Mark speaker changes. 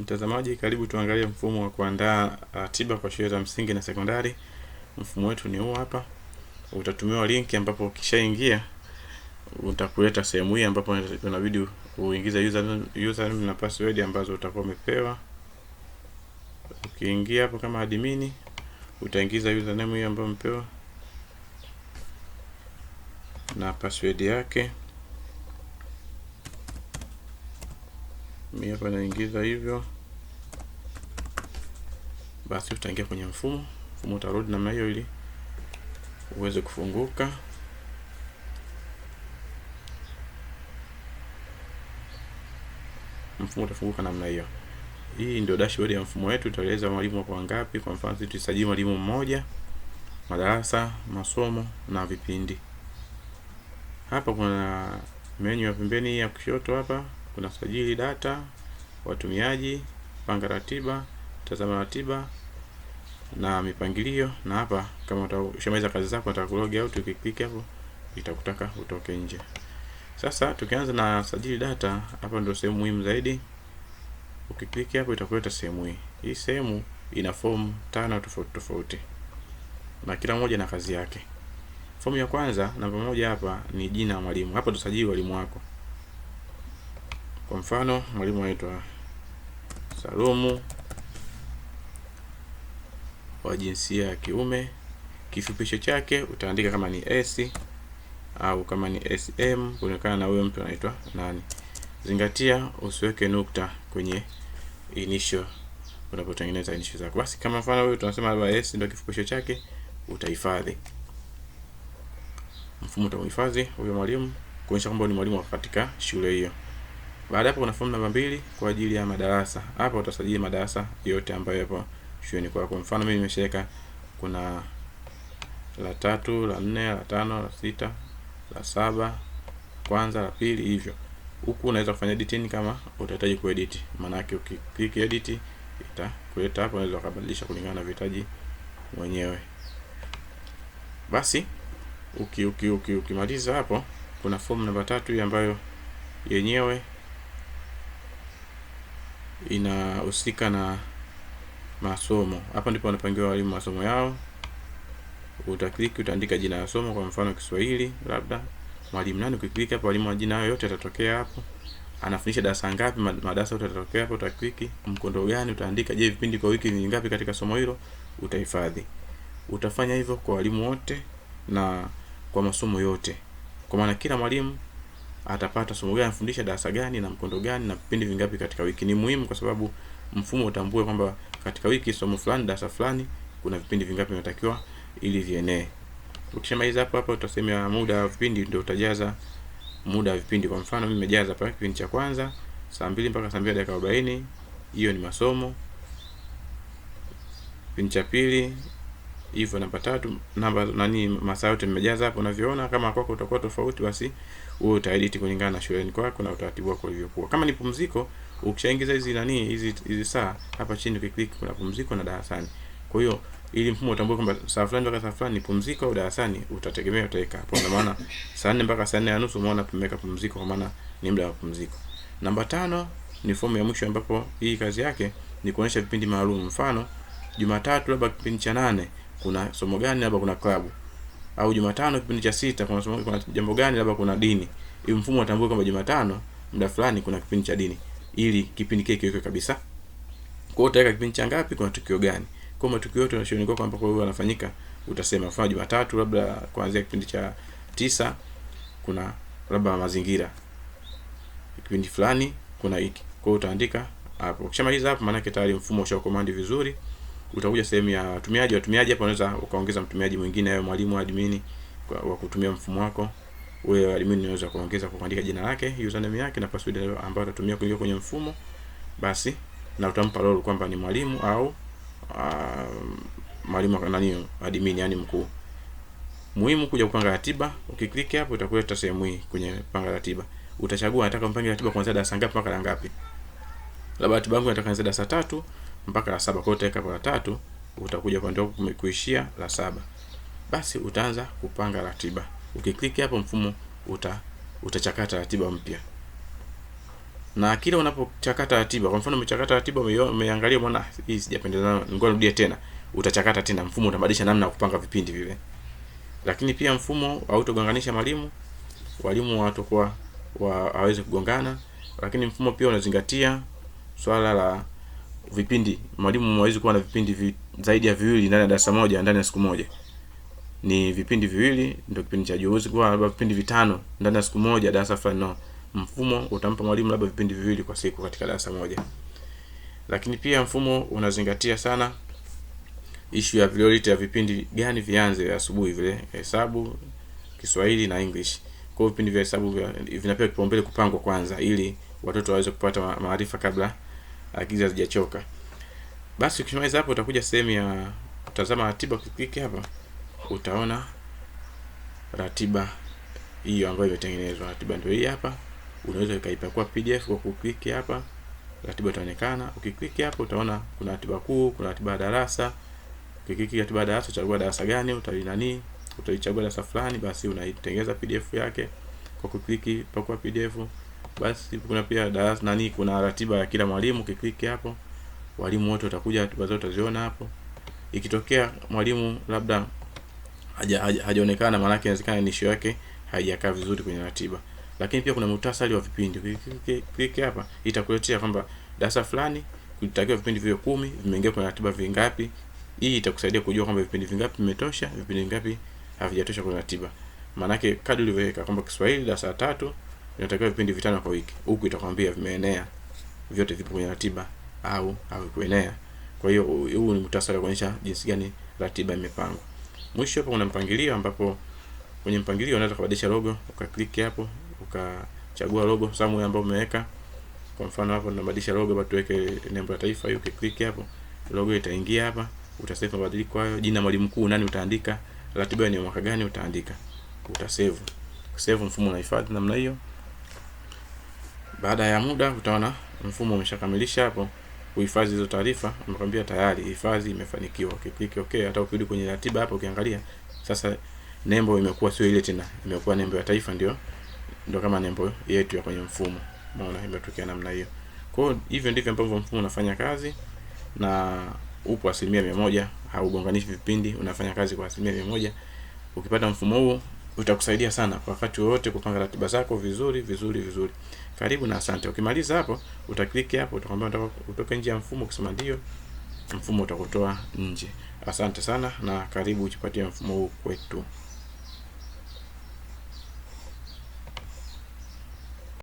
Speaker 1: Mtazamaji, karibu tuangalie mfumo wa kuandaa ratiba uh, kwa shule za msingi na sekondari. Mfumo wetu ni huu hapa. Utatumiwa linki ambapo ukishaingia utakuleta sehemu hii ambapo unabidi uingize username, username na password ambazo utakuwa umepewa. Ukiingia hapo kama admin utaingiza username hiyo ambayo umepewa na password yake. mi hapa naingiza hivyo, basi utaingia kwenye mfumo. Mfumo utarudi namna hiyo ili uweze kufunguka. Mfumo utafunguka namna hiyo. Hii ndio dashboard ya mfumo wetu, utaeleza mwalimu wako wangapi. Kwa mfano sisi tusajili mwalimu mmoja, madarasa, masomo na vipindi. Hapa kuna menu ya pembeni ya kushoto hapa kuna sajili data, watumiaji, panga ratiba, tazama ratiba na mipangilio. Na hapa kama utashamaliza kazi zako unataka kulog out, ukiklik hapo itakutaka utoke nje. Sasa tukianza na sajili data, hapa ndio sehemu muhimu zaidi. Ukiklik hapo itakuleta sehemu hii. Hii sehemu ina fomu tano tofauti tofauti na kila moja na kazi yake. Fomu ya kwanza namba moja hapa ni jina la mwalimu. Hapa tusajili walimu wako. Kwa mfano mwalimu anaitwa Salumu wa jinsia ya kiume, kifupisho chake utaandika kama ni S au kama ni SM kulingana na huyo mtu anaitwa nani. Zingatia usiweke nukta kwenye initial unapotengeneza initial zako. Basi kama mfano huyo tunasema labda S ndio kifupisho chake, utahifadhi mfumo utamhifadhi huyo mwalimu kuonyesha kwamba ni mwalimu katika shule hiyo. Baada hapo kuna fomu namba mbili kwa ajili ya madarasa. Hapa utasajili madarasa yote ambayo yapo shuleni kwako. Mfano mimi nimeshaweka kuna la tatu, la nne, la tano, la sita, la saba, kwanza, la pili hivyo. Huku unaweza kufanya editing kama utahitaji kuedit. Maana yake ukiklik edit itakuleta hapo, unaweza kubadilisha kulingana na vitaji mwenyewe. Basi uki uki ukimaliza uki hapo kuna fomu namba tatu ambayo yenyewe inahusika na masomo. Hapa ndipo wanapangiwa walimu masomo yao. Utaklik utaandika jina la somo, kwa mfano Kiswahili labda mwalimu nani. Ukiklik hapo, walimu majina yao yote yatatokea hapo. Anafundisha darasa ngapi, madarasa yote yatatokea hapo. Utakliki mkondo gani, utaandika je, vipindi kwa wiki ni ngapi katika somo hilo, utahifadhi. Utafanya hivyo kwa walimu wote na kwa masomo yote, kwa maana kila mwalimu atapata somo gani, anafundisha darasa gani na mkondo gani na vipindi vingapi katika wiki. Ni muhimu kwa sababu mfumo utambue kwamba katika wiki somo fulani, darasa fulani, kuna vipindi vingapi vinatakiwa ili vienee. Ukishamaliza hapo hapo utasema muda wa vipindi, ndio utajaza muda wa vipindi. Kwa mfano mimi nimejaza hapa kipindi cha kwanza saa mbili mpaka saa mbili dakika arobaini hiyo ni masomo. Kipindi cha pili hivyo namba tatu namba nani masaa yote nimejaza hapo unavyoona kama kwako utakuwa tofauti basi wewe utaedit kulingana na shuleni kwako na utaratibu wako ulivyokuwa kama ni pumziko ukishaingiza hizi nani hizi hizi saa hapa chini ukiklik kuna pumziko na darasani kwa hiyo ili mfumo utambue kwamba saa fulani mpaka saa fulani ni pumziko au darasani utategemea utaweka hapo ndio maana saa 4 mpaka saa 4 na nusu umeona tumeweka pumziko kwa maana ni muda wa pumziko namba tano ni fomu ya mwisho ambapo hii kazi yake ni kuonyesha vipindi maalum mfano Jumatatu labda kipindi cha nane kuna somo gani labda kuna klabu au Jumatano kipindi cha sita kuna somo, kuna jambo gani labda kuna dini. Ili mfumo atambue kwamba Jumatano muda fulani kuna kipindi cha dini, ili kipindi kile kiwekwe kabisa. Kwa hiyo utaweka kipindi cha ngapi, kuna tukio gani, kwa matukio yote unashauri kwa kwamba kwa hiyo yanafanyika, utasema kwa Jumatatu labda kuanzia kipindi cha tisa kuna labda mazingira kipindi fulani kuna hiki. Kwa hiyo utaandika hapo. Ukishamaliza hapo, maana yake tayari mfumo ushakomandi vizuri utakuja sehemu ya watumiaji. Watumiaji hapa unaweza ukaongeza mtumiaji mwingine, awe mwalimu admin wa kutumia mfumo wako. Wewe admin unaweza kuongeza kwa kuandika jina lake, username yake na password ambayo atatumia kuingia kwenye mfumo basi, na utampa role kwamba ni mwalimu au uh, mwalimu nani, admin yani mkuu. Muhimu kuja kupanga ratiba. Ukiklik hapo itakuleta sehemu hii kwenye panga ratiba. Utachagua nataka mpange ratiba kuanzia darasa ngapi mpaka la ngapi. Labda ratiba yangu nataka kuanzia darasa tatu mpaka la saba. Kwa hiyo utaweka kwa la tatu, utakuja kwa ndio kumekuishia la saba, basi utaanza kupanga ratiba. Ukikliki hapo, mfumo uta utachakata ratiba mpya na kila unapochakata ratiba, kwa mfano umechakata ratiba, umeangalia bwana, ah, hii sijapendezana, ngoja nirudie tena. Utachakata tena, mfumo utabadilisha namna ya kupanga vipindi vile. Lakini pia mfumo hautogonganisha walimu, walimu watakuwa waweze kugongana. Lakini mfumo pia unazingatia swala la vipindi. Mwalimu hawezi kuwa na vipindi vi, zaidi ya viwili ndani ya darasa moja ndani ya siku moja. Ni vipindi viwili ndio kipindi cha juu. kwa labda vipindi vitano ndani ya siku moja darasa fulani, no. Mfumo utampa mwalimu labda vipindi viwili kwa siku katika darasa moja. Lakini pia mfumo unazingatia sana ishu ya priority ya vipindi gani vianze asubuhi, vile hesabu, Kiswahili na English. Kwa vipindi vya hesabu vinapewa kipaumbele kupangwa kwanza, ili watoto waweze kupata maarifa kabla akili hazijachoka. Basi ukimaliza hapo, utakuja sehemu ya kutazama ratiba. Ukiklik hapa, utaona ratiba hiyo ambayo imetengenezwa. Ratiba ndio hii hapa. Unaweza ukaipakua PDF kwa kuklik hapa, ratiba itaonekana. Ukiklik hapo, utaona kuna ratiba kuu, kuna ratiba ya darasa. Ukiklik ratiba ya darasa, chagua darasa gani, utali nani, utalichagua darasa fulani, basi unaitengeneza PDF yake kwa kuklik pakua PDF. Basi kuna pia darasa nani, kuna ratiba ya kila mwalimu. Ukiklik hapo, walimu wote watakuja, ratiba zao utaziona hapo. Ikitokea mwalimu labda hajaonekana haja, haja maana yake inawezekana nisho yake haijakaa vizuri kwenye ratiba. Lakini pia kuna muhtasari wa vipindi. Ukiklik hapa itakuletea kwamba darasa fulani kulitakiwa vipindi vile kumi vimeingia kwenye ratiba vingapi. Hii itakusaidia kujua kwamba vipindi vingapi vimetosha, vipindi vingapi havijatosha kwenye ratiba. Maanake kadri ulivyoweka kwamba Kiswahili darasa la tatu inatakiwa vipindi vitano kwa wiki. Huku itakwambia vimeenea vyote, vipo kwenye ratiba au havikuenea. Kwa hiyo huu ni muhtasari wa kuonyesha jinsi gani ratiba imepangwa. Mwisho hapa kuna mpangilio, ambapo kwenye mpangilio unaweza kubadilisha logo, ukaklik hapo ukachagua logo somewhere ambayo umeweka. Kwa mfano hapo tunabadilisha logo, hapa tuweke nembo ya taifa hiyo, ukiklik hapo logo itaingia hapa, utasave mabadiliko hayo. Jina mwalimu mkuu nani utaandika, ratiba ni mwaka gani utaandika, utasave. Save mfumo unahifadhi namna hiyo. Baada ya muda utaona mfumo umeshakamilisha hapo kuhifadhi hizo taarifa, unakwambia tayari hifadhi imefanikiwa. Ukiklik okay, hata ukirudi kwenye ratiba hapo ukiangalia sasa nembo imekuwa sio ile tena, imekuwa nembo ya taifa, ndio ndio kama nembo yetu ya kwenye mfumo. Unaona imetokea namna hiyo. Kwa hiyo hivyo ndivyo ambavyo mfumo unafanya kazi na upo asilimia mia moja, haugonganishi vipindi, unafanya kazi kwa asilimia mia moja. Ukipata mfumo huo utakusaidia sana kwa wakati wowote kupanga ratiba zako vizuri vizuri vizuri. Karibu na asante. Ukimaliza hapo, utakliki hapo, utakwambia unataka utoke nje ya mfumo, ukisema ndio, mfumo utakutoa nje. Asante sana na karibu ujipatie mfumo huu kwetu.